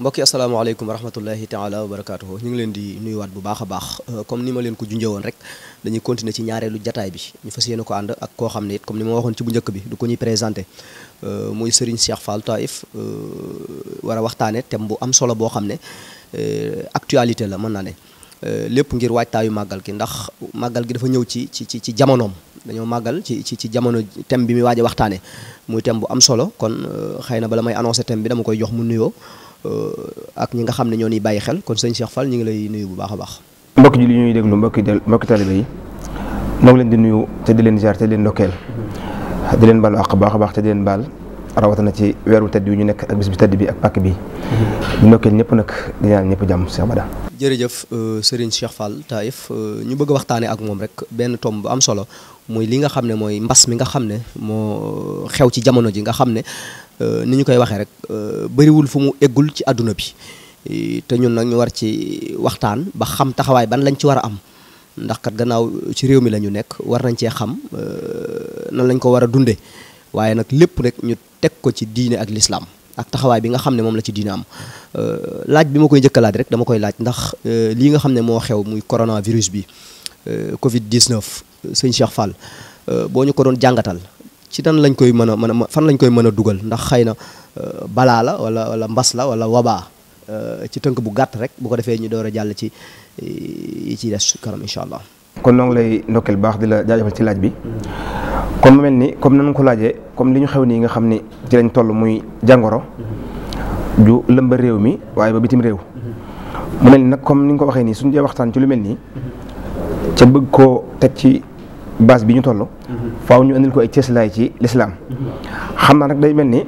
mbokki asalaamaaleykum wa rahmatullahi taala wa barakaatuhu ñu ngi leen di nuyuwaat bu baax a baax euh, comme ni ma leen ko junjëwoon rek dañuy continuer ci ñaareelu jataay bi ñu fas yéene ko ànd ak koo xam ne it comme ni ma waxoon ci bu njëkk bi du ko ñuy présenté euh, muy Serigne Cheikh Fall Taif euh, war a waxtaane thème bu am solo boo xam ne actualité la mën naa ne lépp ngir waajtaayu màggal gi ndax màggal gi dafa ñëw ci ci ci ci jamonoom dañoo màggal ci ci ci jamono thème bi muy waaj a waxtaane muy bu am solo kon xëy na bala may annoncé thème bi dama koy jox mu nuyoo Euh, ak ñi nga xam ne ñoo ñuy bàyyi xel kon sëñ Cheikh Fall ñu ngi lay nuyu bu baax a baax. mbokk ji li ñuy déglu mbokki mbokki talibe yi noo ngi leen di nuyu te di leen ziar te di leen leen baal àq a baax te di leen baal rawatina ci weeru tedd yu ñu nekk ak bis bi tedd ak bi di ndokkeel ñëpp nag di ñëpp jàmm Cheikh Bada. jërëjëf euh, Serigne Cheikh Fall Taïf euh, ñu bëgg a waxtaanee ak moom rek benn tomb bu am solo mooy li nga xam ne mooy mbas mi nga xam ne moo xew ci jamono ji nga xam ne Euh, ni ñu koy waxee rek euh, bariwul fu mu eggul ci àdduna bi te ñun nag ñu war ci waxtaan ba xam taxawaay ban lañ ci war a am ndax kat gannaaw ci réew mi lañu nekk war nañ cee xam euh, nan lañ ko war a dundee waaye nag lépp rek ñu teg ko ci diine ak lislaam ak taxawaay bi nga xam ne moom la ci diine am laaj bi ma koy njëkk laaj rek dama koy laaj ndax lii nga xam ne moo xew muy coronavirus bi Covid 19 sëñ Cheikh Fall boo ñu ko doon jàngatal. ci dan lañ koy mën a mën a fan lañ koy mën a dugal ndax xëy na euh, balaa la wala wala mbas la wala wabaa euh, ci tënk bu gàtt rek bu ko defee ñu door a jàll ci yi ciy des kanam incha allah. kon noo ngi lay ndokkeel baax di la jaajëfal ci laaj bi kon mu mel ni comme nañu ko laajee comme li ñu xew nii nga xam ni ci lañ toll muy jàngoro ju lëmba réew mi waaye ba bitim réew mu mel ni nag comme ni nga ko waxee nii suñu dee waxtaan ci lu mel nii ca bëgg koo teg ci base bi ñu toll. waaw ñu indil ko ay cëslaay ci lislaam xam naa nag day mel ni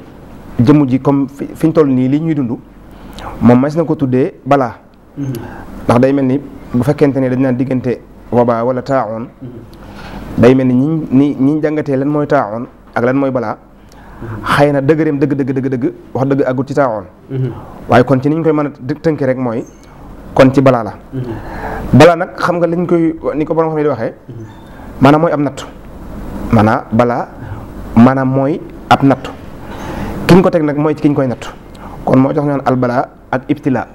jëmm ji comme fi ñu toll nii lii ñuy dund moom mas na ko tuddee balaa ndax day mel ni bu fekkente ne dañ naan diggante wabaa wala taaxoon day mel ni ñi ñi ñi jàngatee lan mooy taaxoon ak lan mooy balaa xëy na dëgëreem dëgg dëgg dëgg dëgg wax dëgg àggut ci taaxoon waaye kon ci niñ koy mën a tënke rek mooy kon ci balaa la balaa nag xam nga liñ koy ni ko borom xam ne di waxee maanaam mooy am nattu maanaam balaa maanaam mooy ab nattu ki ko teg nag mooy ci kiñ koy nattu kon moo jox naan albala ak ibtila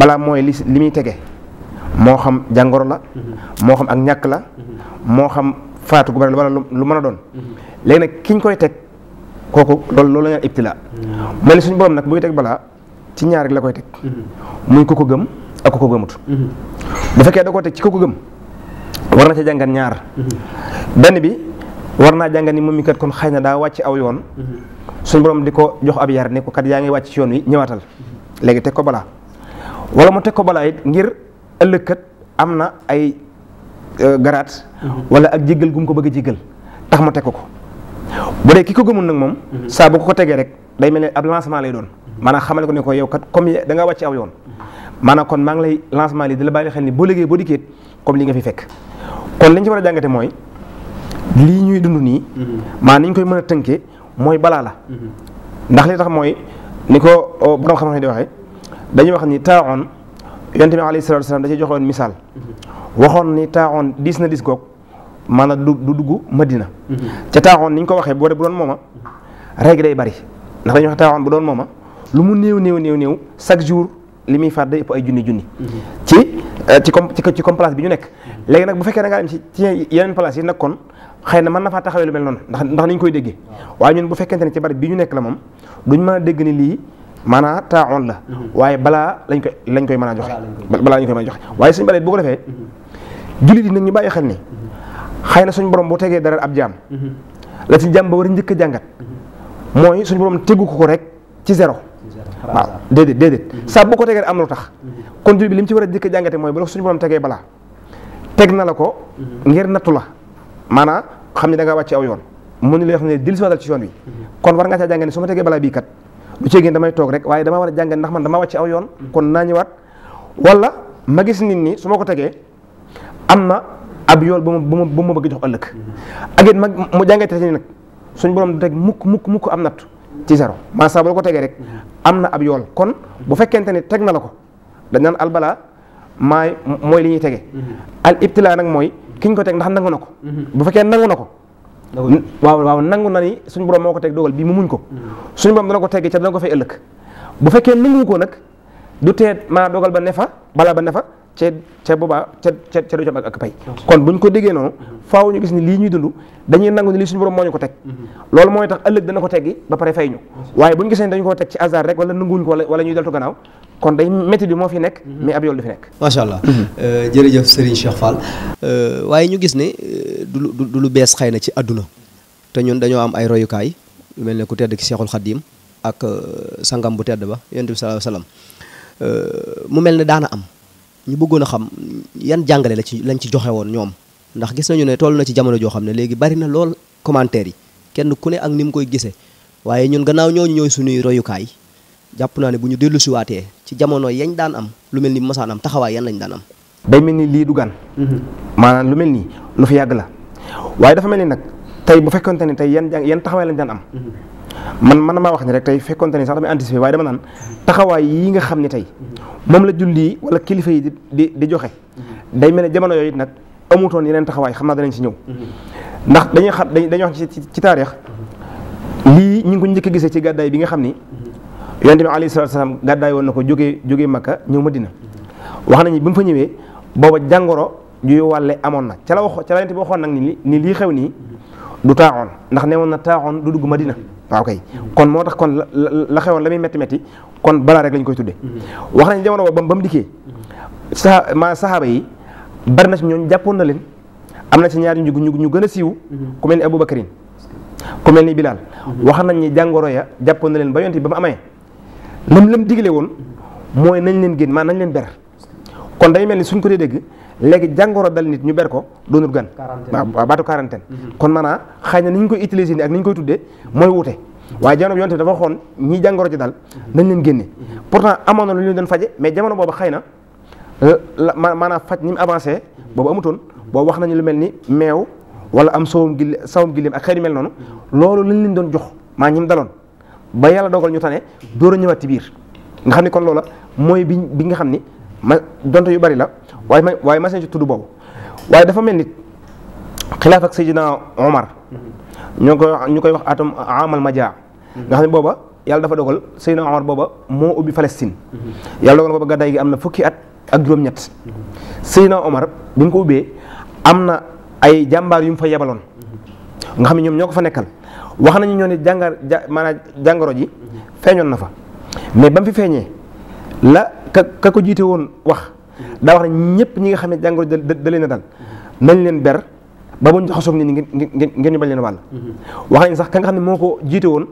balaa mooy li li muy tege moo xam jàngoro la mhm. moo xam ak ñàkk la mhm. moo xam faatu gu bari wala lu mën a doon mhm. léegi nag ki koy teg kooku loolu loolu la ñaan mel ni suñu nag buy teg balaa ci ñaar la koy teg muy ku ko gëm ak ku ko gëmut bu fekkee da koo teg ci ku ko gëm war na ca jàngat ñaar benn bi war naa jàngat ni moom mi kat kon xëy na daa wàcc aw yoon mm-hmm. suñ borom di ko jox ab yar ne ko kat yaa ngi wàcc ci yoon wi ñëwaatal léegi teg ko balaa wala mu teg ko balaa it ngir ëllëg kat am na ay e, garaat mm-hmm. wala ak jéggal gum ko bëgg a jéggal tax mu teg ko ko bu dee ki ko gëmul nag moom mm-hmm. saa bu ko ko tegee rek day mel ne ab lancement lay doon maanaa xamal ko ne ko yow kat comme da ngaa wàcc aw yoon maanaam kon maa ngi lay lancement li di la bàyyi xel ni liggéey boo dikkee comme li nga fi fekk kon liñ ci a jàngate mooy lii ñuy dund nii. Mhm. maa ni ñu koy mën a tënkee mooy balaa la. Mhm. ndax li tax mooy ni ko borom xam-xam yi di waxee dañuy wax ni taaxoon yonent bi alayhi salaatu sa da cee joxoon misaal. Mhm. waxoon ni taaxoon diis na diis goog maanaam du du dugg madina. ca taaxoon ni ñu ko waxee boo dee bu doon mooma rek day bari ndax dañuy wax taaxoon bu doon mooma lu mu néew néew néew néew chaque jour li muy faat day ëpp ay junni junni. ci eh, ci ci comme bi ñu nekk. léegi nag bu fekkee da ngaa dem ci ci yeneen place yi nag kon xëy na man na faa taxawee lu mel noonu ndax ndax nañ koy déggee waaye ñun bu fekkente ne ci bari bi ñu nekk la moom duñ mën a dégg ni lii maanaa taaxoon la waaye balaa lañ koy lañ koy mën a joxe balaa lañ koy mën a waaye suñu balee bu ko defee jullit ñu bàyyi xel ni xëy na suñu borom bu tegee dara ab jaam la si jaam ba war a njëkk jàngat mooy suñ borom tegu ko ko rek ci zéro waaw déedéet déedéet mm-hmm. saa bu ko tegee am lu tax mm-hmm. kon jullit bi li ci war a njëkk a jàngate mooy bu la suñu borom tegee balaa teg na la ko mm-hmm. ngir nattu la maanaam xam ne da nga wàcc aw yoon mu ni lay xam ne dil si ci yoon bi kon war nga caa jàngee ne su ma tegee balaa bii kat du cee gën damay toog rek waaye dama war a jàngee ndax man dama wàcc aw yoon kon naa ñëwaat wala ma gis nit ñi su ma ko tegee am na ab yool bu ma bu bëgg jox ëllëg ak it mu jàngee te nag suñ borom du mukk mukk mukk am natt ci zéro maa boo ko tegee rek am na ab yool kon bu fekkente ni teg na la ko dañ naan albala maay mooy li ñuy tege mm-hmm. al ibtilaa nag mooy ki ñu ko teg ndax nangu na ko mhm. bu fekkee nangu na ko waaw waaw nangu na ni suñu borom moo ko teg dogal bii mu muñ ko mhm. suñu borom dana ko teggi ca dana ko fay ëllëg bu fekkee nangu ko nag du tee maa ba nefa bala ba nefa ca ca boobaa ca ca ca du jom ak ak pay kon buñ ko déggee noonu mhm. faaw ñu gis ni lii ñuy dund dañuy nangu ni lii suñu borom moo ñu ko teg loolu mooy tax ëllëg dana ko teggi ba pare fay ñu waaye buñ gisee ni dañu ko teg ci hasard rek wala nanguwuñ ko wala ñuy deltu gannaaw kon day métti bi moo fi nekk. mi mhm. ab yool du fi nekk. macha allah. Mhm. Euh, jërëjëf Serigne Cheikh Fall. Euh, waaye ñu gis ni euh, du du lu bees xëy na ci àdduna te ñun dañoo am ay royukaay yu mel ne ku tedd ki Cheikhul Khadim ak sangam bu tedd ba yonent bi sallallahu alayhi wasallam mu mel ni daana am ñu bëggoon a xam yan jàngale la ci lañ ci joxe woon ñoom ndax gis nañu ne toll na ci jamono joo xam ne léegi bari na lool commentaire yi kenn ku ne ak ni mu koy gisee waaye ñun gannaaw ñooñu ñooy suñuy royukaay. jàpp naa ne bu ñu dellusiwaatee ci jamono yañ daan am lu mel ni masaan am taxawaay yan lañ daan am. day mel ni lii du gan. Mhm. maanaam lu mel nii lu fi yàgg la waaye dafa mel ni nag tey bu fekkonte ni tey yan yan taxawaay lañ daan am. Mhm. man man maa wax ni rek tey fekkonte ni sax damay anticiper waaye dama naan taxawaay yi nga xam ne tey mhm. moom la yi di di di joxe. day mel ne jamono yooyu it nag amutoon yeneen taxawaay xam naa danañ si ñëw. ndax dañuy xam dañuy wax ci ci taarix lii ñu ngi ko njëkk a gisee ci gàddaay bi nga xam ni. yonent bi alayhi salaatu salaam gàddaay woon na ko jóge jógee Makka ñëw Madina wax nañu bi mu fa ñëwee booba jàngoro juy wàlle amoon na ca la wax ca la yonent bi waxoon nag ni lii xew nii du taaxoon ndax ne woon na taaxoon du dugg Madina waaw kay kon moo tax kon la xewoon la muy metti métti kon balaa rek lañ koy tudde wax nañ jamono boobu ba mu dikkee sa ma saxaaba yi bari na ci ñooñu jàppoon na leen am na si ñaari ñu ñu ñu gën a siiw ku mel ni Abubakarin ku wax nañ ni jàngoro ya jàppoon na leen ba bi mu amee lam lam digle woon mooy nañ leen génn maa nañ leen ber kon day mel ni suñ ko dee dégg léegi jàngoro dal nit ñu ber ko doonul gan waaw baatu quarantaine mm-hmm. kon manaa xëy na ni ñu koy utiliser ni ak ni ñu koy tuddee mooy wute waaye jamono bi yonte dafa xoon ñi jàngoro ji dal mm-hmm. nañ leen génne mm-hmm. pourtant amoon na lu ñu doon faje mais jamono boobu xëy na euh, maanaam faj ni mu avancé boobu amutoon boo wax nañu lu mel ni meew wala am sawam gil sawam gileem ak xëy mel noonu loolu lañ doon jox maa ñim daloon ba yàlla dogal ñu tane door a ñëwaat ci biir nga xam ni kon loola mooy bi bi nga xam ni ma donte yu bari la waaye ma waaye ma seen boobu waaye dafa mel ni xilaaf ak Seydina Omar ñoo ñu koy wax atam amal xam ne booba yàlla dafa dogal Seydina Omar booba moo ubbi Palestine yàlla dogal booba gàddaay am na fukki at ak juróom-ñett Omar bi mu na ay jàmbaar yu mu fa yebaloon nga xam ne ñoom ñoo ko fa nekkal wax nañu ñoo ne jàngar ja maanaam jàngoro ji feeñoon na fa mais ba mu fi feeñee la ka ka ko jiite woon wax daa wax ne ñëpp ñi nga xam ne jàngoro ji da leen a dal nañ leen ber ba buñ jaxasoog nit ñi ngeen ngeen ñu bañ leen wàll. wax nañ sax ka nga xam ne moo ko jiite woon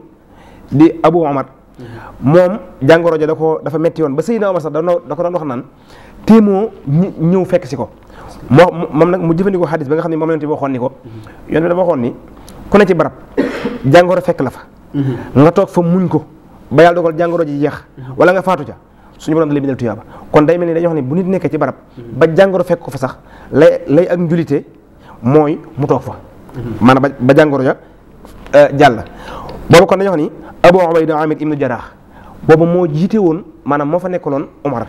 di Abu Omar moom jàngoro ja da ko dafa metti woon ba Seydina Omar sax da ko doon wax naan téemoo ñëw fekk si ko. moo moom nag mu jëfandikoo xadis ba nga xam ne moom lañ ci waxoon ni ko yoon bi dafa waxoon ku ne ci barab. jàngoro fekk la fa. Mhm. nga toog fa muñ ko ba yàlla dogal jàngoro ji jeex. Mhm. wala nga faatu ca suñu borom da lay bindal kon day mel ni dañoo ne bu nit nekkee ci barab. Mhm. ba jàngoro fekk ko fa sax lay ak njulite mooy mu toog fa. maanaam ba jàngoro ja euh, jàll. boobu kon dañoo xam ni Abu da Amir ibnu Jaraax boobu moo jiite woon maanaam moo fa loon Umar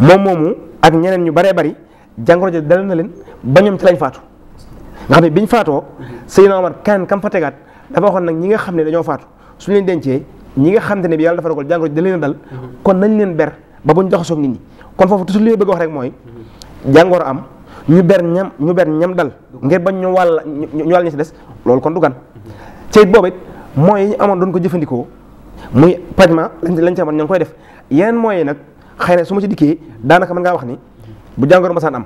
moom moomu ak ñeneen ñu baree bari jàngoro ja dal na leen ba ñoom ci lañ faatu nga xam ne biñ faatoo Seydina Omar kan kam fa tegaat dafa waxoon nag ñi nga xam ne dañoo faatu suñu leen dencee ñi nga xam ne bi yàlla dafa dogal jàngoro ji da leen a dal mhm. kon nañ leen ber ba buñ joxasoog nit ñi kon foofu toujours li bëgg wax rek mooy mhm. jàngoro am ñu ber ñam ñu ber ñam dal ngir bañ ñu wàll ñu wàll ñi si des loolu kon du gan mhm. ci mooy yi ñu amoon doon ko jëfandikoo muy pratiquement lañ ci amoon ña koy def yeneen mooy yi nag xëy na su ma ci dikkee daanaka mën ngaa wax ni bu jàngoro masaan am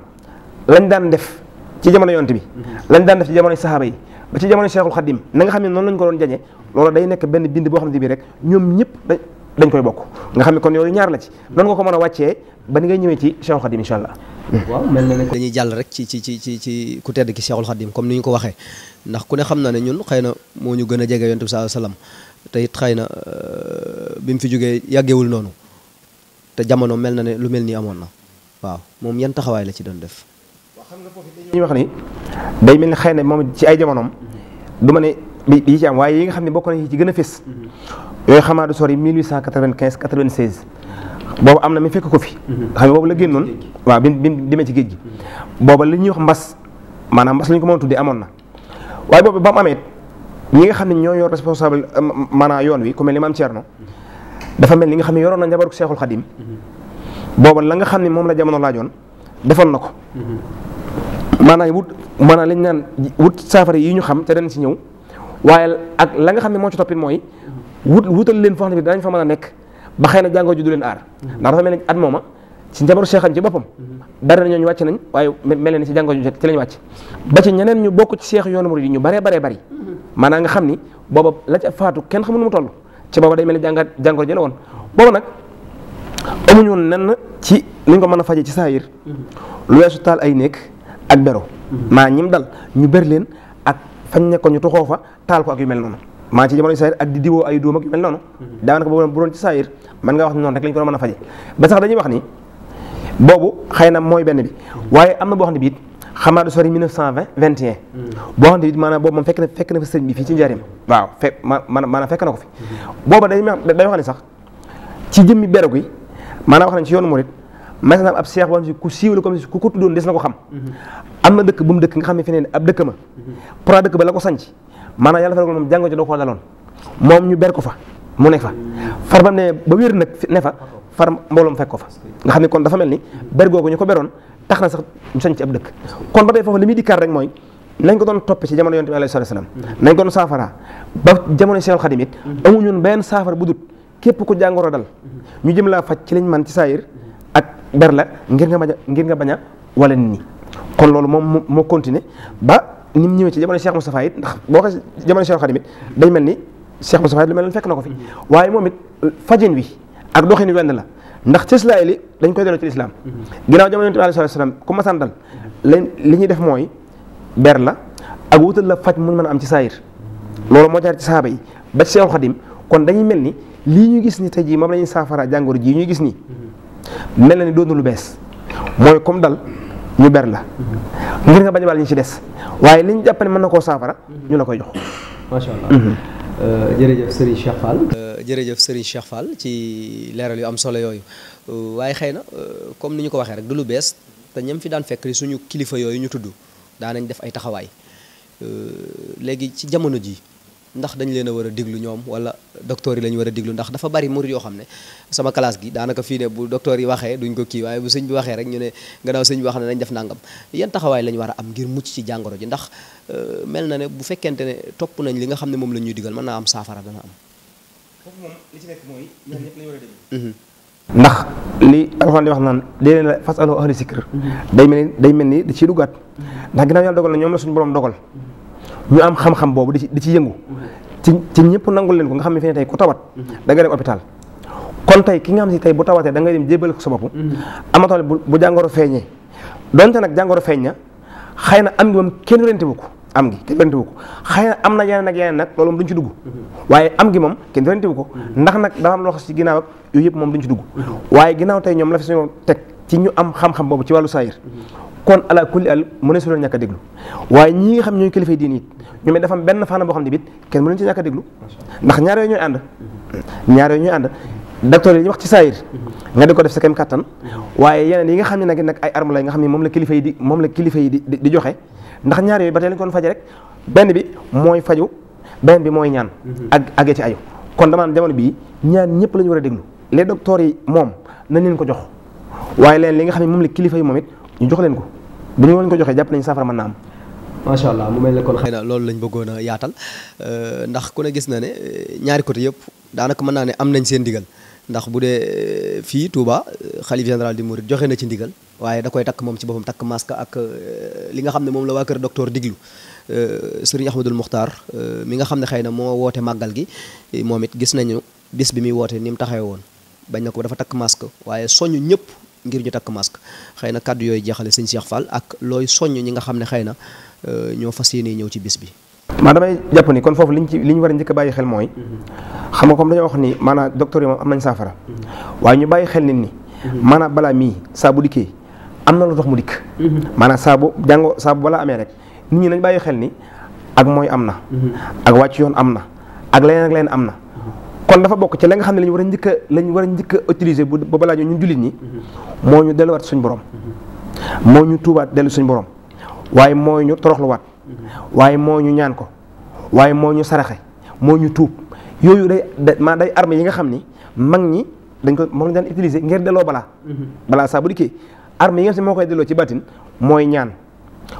lañ daan def ci jamono yonte bi lañ daan def ci jamono saxaaba yi ba ci jamono Cheikhul Khadim na nga xam ne noonu lañ ko doon jañee loolu day nekk benn bind boo xam ne bii rek ñoom ñëpp dañ koy bokk nga xam ne kon yooyu ñaar la ci noonu nga ko mën a wàccee ba ni ngay ñëwee ci Cheikhul Khadim incha allah. waaw mel na ne dañuy jàll rek ci ci ci ci ci ku tedd ki Cheikhul Khadim comme ni ñu ko waxee ndax ku ne xam na ne ñun xëy na moo ñu gën a jege yonent bi sallallahu alayhi te it xëy na euh, bi mu fi jógee yàggewul noonu te jamono mel na ne lu mel nii amoon na waaw moom yan taxawaay la ci doon def dañuy wax ni day mel ni xëy na moom ci ay jamonoom du ma ne yi ci am waaye yi nga xam ne bokk na nañ ci gën a fés mm-hmm. yooyu xamaa du sori 1895 96 boobu am na mi fekk ko fi mm-hmm. xam ne boobu la génnoon waaw bi bi demee ci géej gi mm-hmm. booba li ñuy wax mbas maanaam mbas la ko mën a tuddee amoon na waaye boobu ba amee ñi nga xam ne ñoo yor responsable maanaam yoon wi ku mel ni maam Thierno dafa mel ni nga xam ne yoroon na njabaru Seexul Xadim booba la nga xam ne moom la jamono laajoon defoon na ko maanaam wut maanaam lañ naan wut saafara yi ñu xam te dañ si ñëw waaye ak la nga xam ne moo ci toppit mooy wut wutal leen foo xam ne danañ fa mën a nekk ba xëy na jàngoo ji du leen aar ndax dafa mel ni at mooma ci njabaru Cheikh ci boppam dara na ñooñu wàcc nañ waaye mel ni si jàngoo ji ci lañ wàcc ba ci ñeneen ñu bokk ci Cheikh yoonu murid yi ñu baree baree bari maanaam nga xam ni booba la faatu kenn xamul mu toll ci booba day mel ni jàngat jàngoro ji la woon booba nag amuñu woon nenn ci luñ ko mën a fajee ci saa saayir lu weesu taal ay nekk ak béro maa ñim dal ñu ber leen ak fañ nekkoon ñu toxoo fa taal ko ak yu mel noonu maa ci jamono saayir ak di diwoo ay dóom ak yu mel noonu daanaka boobu bu doon ci saayir man nga wax ne noonu rek lañ ko doon a faje sax dañuy wax ni boobu xëy na mooy benn bi waaye am na boo xam ne bi it xam naa du sori 1920 21 boo xam ne it maanaam boobu moom fekk na fekk na fa sëñ bi fii ci njaarim waaw fekk maanaam fekk na ko fi booba day wax ne sax ci jëmmi béro gi maanaam wax nañ ci yoonu murit maanaam ab seex boo xam si ku siiw la comme si ku ko tuddoon des na ko xam mm-hmm. am na dëkk bu mu dëkk nga xam ne feneen ab dëkk ma mm-hmm. pour dëkk ba la ko sanc maanaam yàlla fa ko moom jàngoo ci doo koo daloon moom ñu ber ko fa mu ne fa mm-hmm. far ba ne ba wér nag ne fa far mbooloom fekk fa nga xam ne kon dafa mel ni ber googu ñu ko beroon tax sax ñu sanc ab dëkk kon ba foofu li muy dikkaat rek mooy nañ ko doon toppe ci jamono yonent bi alayhi salaam nañ ko doon saafara jamono Seexul Xadim it amuñu benn saafara bu dut képp ku jàngoro dal ñu jëm laa faj ci lañ man ci saayir ber la ngir nga bañ a ngir a wala nit ñi kon loolu moom moo continuer ba ni mu ñëwee ci jamono Cheikh Moustapha it ndax boo ko jamono Cheikh Khadim it mel ni Cheikh Moustapha it lu mel ni fekk na ko fi waaye moom it euh, fajin wi ak doxin wi wenn la ndax ci islaay li dañ koy delloo ci lislaam mm-hmm. ginnaaw jamono Yonent bi alayhi salaam ku masaan dal leen ñuy la ak wutal la faj mu mën a am ba ci Cheikh Khadim kon ni lii ñu gis ni tey jii moom la ñuy saafara jàngoro jii ñuy gis nii mm-hmm. mel na ni doon lu bees mooy comme dal ñu ber la ngir nga bañ a baal ñu ci des waaye li ñu jàpp mën na koo saafara ñu la koy jox. macha allah mhm. euh, jërëjëf Serigne Cheikh Fall. Euh, jërëjëf Serigne Cheikh ci leeral yu am solo yooyu euh, waaye xëy na comme ni ñu ko waxee rek du lu bees te ñam fi daan fekk suñu kilifa yooyu ñu tudd daan nañ def ay taxawaay léegi ci jamono ji ndax dañ leen a war a diglu ñoom wala docteur yi la war a diglu ndax dafa bari murid yoo xam ne sama classe gi daanaka fii ne bu docteur yi waxee duñ ko kii waaye bu sëñ bi waxee rek ñu ne gannaaw sëñ bi wax la ñu a am ngir mucc ci ji ndax euh, mel na ne bu fekkente ne topp nañ li nga xam ne moom la ñuy digal mën naa am saafara dana am foofu moom li ci nekk mooy ñoom ñëpp la ñu war mm-hmm. naan la fas aloo ahli sikr mm-hmm. day mel ni day mel ni da ciy duggaat ndax ginnaaw yàlla dogal na ñoom la suñu borom dogal ñu am xam-xam boobu di ci di ci yëngu ci ci ñëpp nangul leen ko nga xam ne fi ne tey ku tawat mhm. da nga dem hôpital kon tey ki nga xam si tey bu tawatee da ngay dem jébal ko sa bopp mhm. amatoo bu jàngoro feeñee donte nag jàngoro feeñ na xëy na am ngi moom kenn werante wu ko am gi kenn ko xëy na am na yeneen ak yeneen nag loolu moom duñ ci dugg mhm. waaye am gi moom kenn werante wu ko ndax nag dafa am loo xam si ginnaaw yooyu yëpp moom duñ ci dugg waaye ginnaaw tey ñoom la fi suñu teg ci ñu am xam boobu ci wàllu saayir kon ala kulli al mu ne su loolu ñàkk a déglu waaye ñi nga xam ñooy kilifay diin it ñoom it dafa am benn faana boo xam ne bit kenn mënuñu ci ñàkk a déglu ndax ñaar yooyu ñooy ànd ñaar yooyu ñooy ànd docteur yi ñu ci saayir nga di ko def sa kem kattan waaye yeneen yi nga xam ne nag nag ay arme la nga xam ne moom la kilifa yi moom la kilifa di di joxe ndax ñaar ba tey lañ ko doon rek benn bi mooy faju benn bi mooy ñaan mhm. ak ci ayu kon damaa jamono bii ñaan ñëpp la war a déglu les docteurs yi moom nañ leen ko jox waaye leen li nga xam ne moom la kilifa yi moom it ñu jox leen ko bu ñu woon ko joxee jàpp nañu saafara mën na am. macha allah mu mel ne kon na loolu lañ bëggoon a yaatal euh, ndax ku ne gis na ne euh, ñaari côté yëpp daanaka mën naa ne am nañ seen ndigal ndax bu dee euh, fii Touba xalif général di Mouride joxe na ci ndigal waaye da koy takk moom ci boppam takk masque ak li nga xam ne moom la waa kër docteur diglu sëriñ Ahmadul Muxtaar mi nga xam ne xëy na moo woote màggal gi moom it gis nañu bis bi muy woote ni mu taxawee woon bañ ko dafa takk masque waaye soñu ñëpp ngir ñu takk masque xëy na kàddu yooyu jeexale sëñ Cheikh Fall ak looy soññ ñi nga xam ne xëy na euh, ñoo fas yéene ñëw ci bis bi. maa damay jàpp ni kon foofu liñ li ñu war a njëkk bàyyi xel mooy mm-hmm. xam nga comme dañoo wax ni maanaam docteur yi moom am nañ saafara mm-hmm. waaye ñu bàyyi ni mm-hmm. maanaam balaa mii saa bu dikkee am na lu tax mu dikk maanaam saa bu jàngo saa bu balaa amee rek nit ñi nañ bàyyi xel ni ak mooy am na ak wàcc yoon am na ak leneen ak leneen am na kon dafa bokk ci la nga xam ne lañ war a njëkk a lañ war a njëkk a utiliser bu ba balaa ñu jullit ñi mm-hmm. moo ñu delluwaat suñ borom mm-hmm. moo ñu tuubaat dellu suñ borom waaye moo ñu toroxluwaat mm-hmm. waaye moo ñu ñaan ko waaye moo ñu saraxe moo ñu tuub yooyu day maa day arme yi nga xam ni mag ñi dañ ko moom lañ daan utiliser ngir delloo balaa balaa saa bu dikkee arme yi nga xam ne moo koy delloo ci bàttin mooy ñaan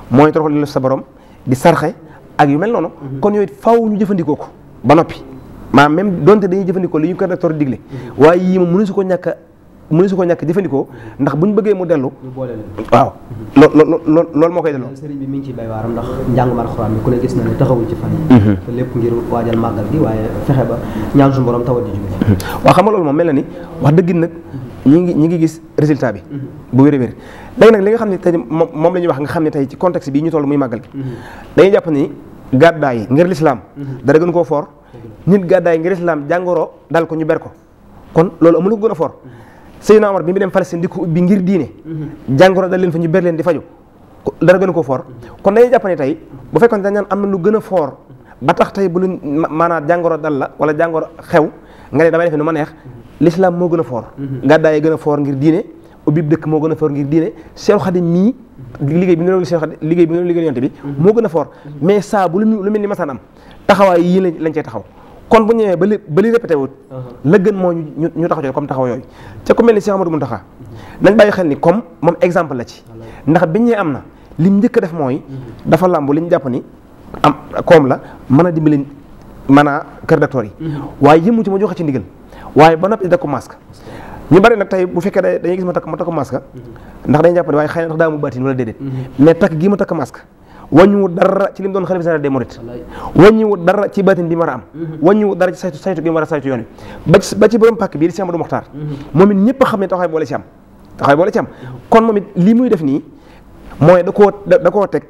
mooy toroxlu dellu sa borom di saraxe ak yu mel noonu kon yooyu faw ñu jëfandikoo ko ba noppi maanaam même donte dañuy jëfandikoo li ñu ko docteur digle waaye yii moom mënu su ko ñàkk a mënu su ko ñàkk jëfandikoo ndax buñ bëggee mu dellu waaw loo loo loolu moo koy delloo sëriñ bi mi ngi ci bay waaram ndax njàngum alxuraan bi ku ne gis na ne taxawul ci fan yi mhm. te lépp ngir màggal waaye fexe ba ñaan su borom tawat di jóge mhm. waaw xam nga loolu moom mel na ni wax dëgg nag ñi ngi ñi ngi gis résultat bi mhm. bu wér a wér nag li nga xam ne tey moom lañuy wax nga xam ne tey ci contexte bii ñu toll muy màggal gi dañuy jàpp ni gàddaay ngir lislaam dara gën koo foor nit gàddaay ngir islam jàngoro dal ko ñu ber ko kon loolu amul ko gën a fort Seydina Omar bi mu dem Palestine di ko ubbi ngir diine mhm. jàngoro dal leen fa ñu leen di faju dara gën a koo fort kon dañuy jàpp bu fekkoon dañ naan am na lu gën a fort ba tax tey bu lu maanaam jàngoro dal la wala jàngoro xew nga ne damay defe nu ma neex l'islam moo gën a fort mhm. gàddaay gën a foor ngir diine ubbi dëkk moo gën a fort ngir diine Seex Xaadim mii liggéey bi ñu doon liggéey bi ñu doon liggéey yonte bi mhm. moo gën a fort mais saa bu lu mel ni masaan am taxawaay yii lañ lañ taxaw kon bu ñëwee ba li ba li répété uh-huh. la gën moo ñu ñu taxaw comme taxaw yooyu ca ku mel ni Cheikh Amadou Mountakha nañ bàyyi xel ni comme moom exemple la ci ndax biñ ñee am na lim njëkk def mooy uh-huh. dafa làmb li ñu jàpp ni am koom la mën a dimbali mën a kër docteur yi uh-huh. waaye yëmu ci ma joxe ci ndigal waaye ba noppi da ko masque ñu bari nag tey bu fekkee dañuy gis ma takk ma takk masque ndax dañuy jàpp ne waaye xëy na ndax daa mu baatin wàññiwu dara ci li mu doon xalifa général des mourides wàññiwu dara ci baatin bi mu war a am wàññiwu dara ci saytu saytu bi mu war a saytu yoon wi ba ci borom pàkk bii di si Amadou Mokhtar moom am taxawaay boole kon moom it li muy def nii mooy da koo da koo teg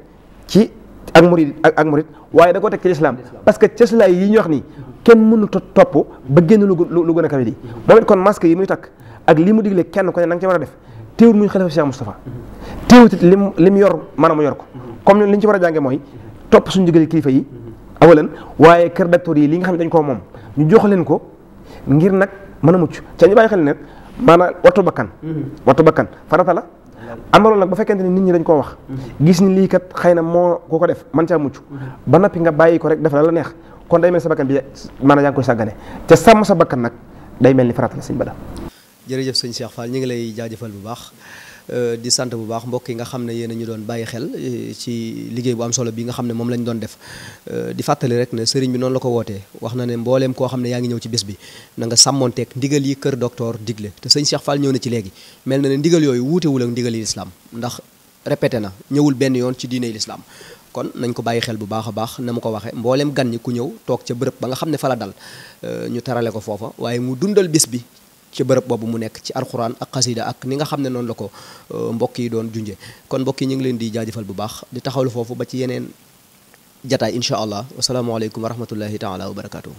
ci ak murid ak murid waaye da koo teg ci lislaam parce que cëslaay yi ñu wax ni kenn mënu topp ba génn lu gën a kawe lii moom it kon masque yi muy takk ak li mu digle kenn ko ne na nga ci war a def teewul muy xalifa Cheikh Moustapha teewut it lim yor maanaam mu yor ko comme ñun li ñu ci war a jànge mooy topp suñ digal kilifa yi awalan waaye kër docteur yi li nga xam ne dañ koo moom ñu jox leen ko ngir nag mën a mucc ca ñu bàyyi xel ne bakkan wattu bakkan farata la amaloon nag ba fekkente ni nit ñi dañ koo wax gis ni lii kat xëy na moo ko ko def man caa mucc ba noppi nga ko rek def la la neex kon day mel sa bakkan bi maanaam yaa ngi koy sàggane te sàmm sa bakkan nag day mel ni farata la sëñ Bada jërëjëf sëñ Cheikh ñu ngi lay jaajëfal bu baax Euh, di sant bu baax mbokk yi nga xam ne yéen a ñu doon bàyyi xel euh, ci liggéey bu am solo bi nga xam ne moom lañ doon def euh, di fàttali rek ne sëriñ bi noonu la ko wootee wax na ne mbooleem koo xam ne yaa ngi ñëw ci bés bi na nga sàmmonteeg ndigal yi kër docteur digle te sëñ Cheikh Fall ñëw na ci léegi mel na ne ndigal yooyu wuutewul ak ndigal yi lislaam ndax répété na ñëwul benn yoon ci diine lislaam kon nañ ko bàyyi xel bu baax a baax na mu ko waxee mbooleem gan ñi ku ñëw toog ca bërëb ba nga xam ne fa la dal ñu tarale ko foofa waaye mu dundal bis bi ci bërëb boobu mu nekk ci alxuraan ak xasida ak ni nga xam ne noonu la ko euh, mbokk yi doon junje kon mbokki ñu ngi leen di jaajëfal bu baax di taxawlu foofu ba ci yeneen jataay incha allah wasalaamualeykum wa rahmatullahi taala wa barakatuh